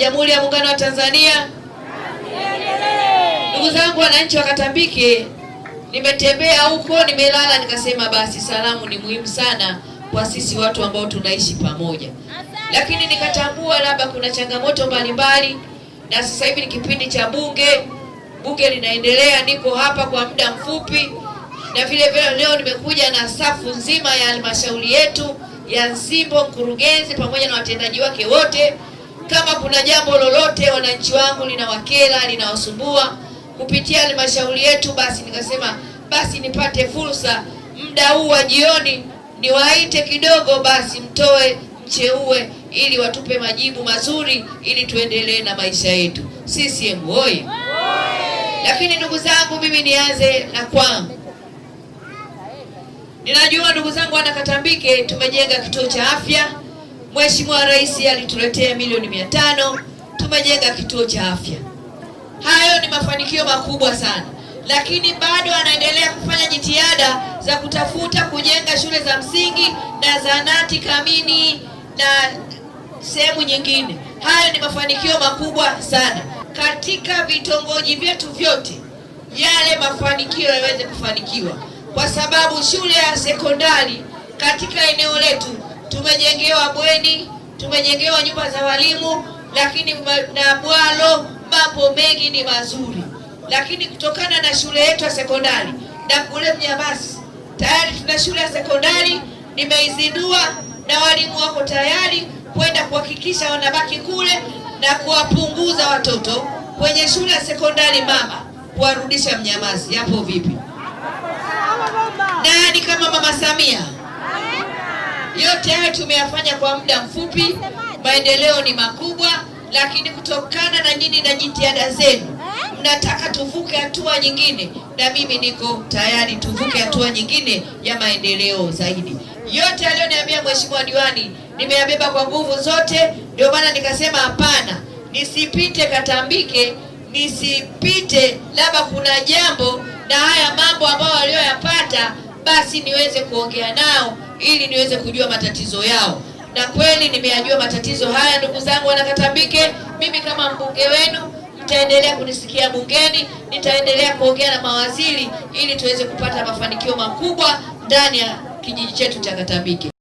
Jamhuri ya Muungano wa Tanzania. Ndugu zangu wananchi wa Katambike, nimetembea huko, nimelala, nikasema basi salamu ni muhimu sana kwa sisi watu ambao tunaishi pamoja, lakini nikatambua labda kuna changamoto mbalimbali, na sasa hivi ni kipindi cha bunge, bunge linaendelea. Niko hapa kwa muda mfupi, na vile vile leo nimekuja na safu nzima ya halmashauri yetu ya Nsimbo, mkurugenzi pamoja na watendaji wake wote kama kuna jambo lolote wananchi wangu linawakela linawasumbua kupitia halmashauri yetu, basi nikasema basi nipate fursa muda huu wa jioni niwaite kidogo, basi mtoe mcheue, ili watupe majibu mazuri, ili tuendelee na maisha yetu. CCM oyee! Lakini ndugu zangu, mimi nianze na kwangu. Ninajua ndugu zangu, Wanakatambike tumejenga kituo cha afya Mheshimiwa Rais alituletea milioni mia tano tumejenga kituo cha afya. Hayo ni mafanikio makubwa sana, lakini bado anaendelea kufanya jitihada za kutafuta kujenga shule za msingi na zahanati kamini na sehemu nyingine. Hayo ni mafanikio makubwa sana katika vitongoji vyetu vyote, yale mafanikio yaweze kufanikiwa, kwa sababu shule ya sekondari katika eneo letu tumejengewa bweni, tumejengewa nyumba za walimu, lakini na bwalo. Mambo mengi ni mazuri, lakini kutokana na shule yetu ya sekondari na kule Mnyamasi tayari tuna shule ya sekondari nimeizindua, na walimu wako tayari kwenda kuhakikisha wanabaki kule na kuwapunguza watoto kwenye shule ya sekondari mama, kuwarudisha mnyamazi Hapo vipi? Nani kama mama Samia? Yote hayo tumeyafanya kwa muda mfupi, maendeleo ni makubwa, lakini kutokana na nyinyi na jitihada zenu eh? mnataka tuvuke hatua nyingine, na mimi niko tayari tuvuke hatua nyingine ya maendeleo zaidi. Yote aliyoniambia mheshimiwa diwani nimeyabeba kwa nguvu zote, ndio maana nikasema hapana, nisipite Katambike, nisipite labda kuna jambo na haya mambo ambayo aliyoyapata basi niweze kuongea nao ili niweze kujua matatizo yao, na kweli nimeyajua matatizo haya. Ndugu zangu Wanakatambike, mimi kama mbunge wenu nitaendelea kunisikia bungeni, nitaendelea kuongea na mawaziri ili tuweze kupata mafanikio makubwa ndani ya kijiji chetu cha Katambike.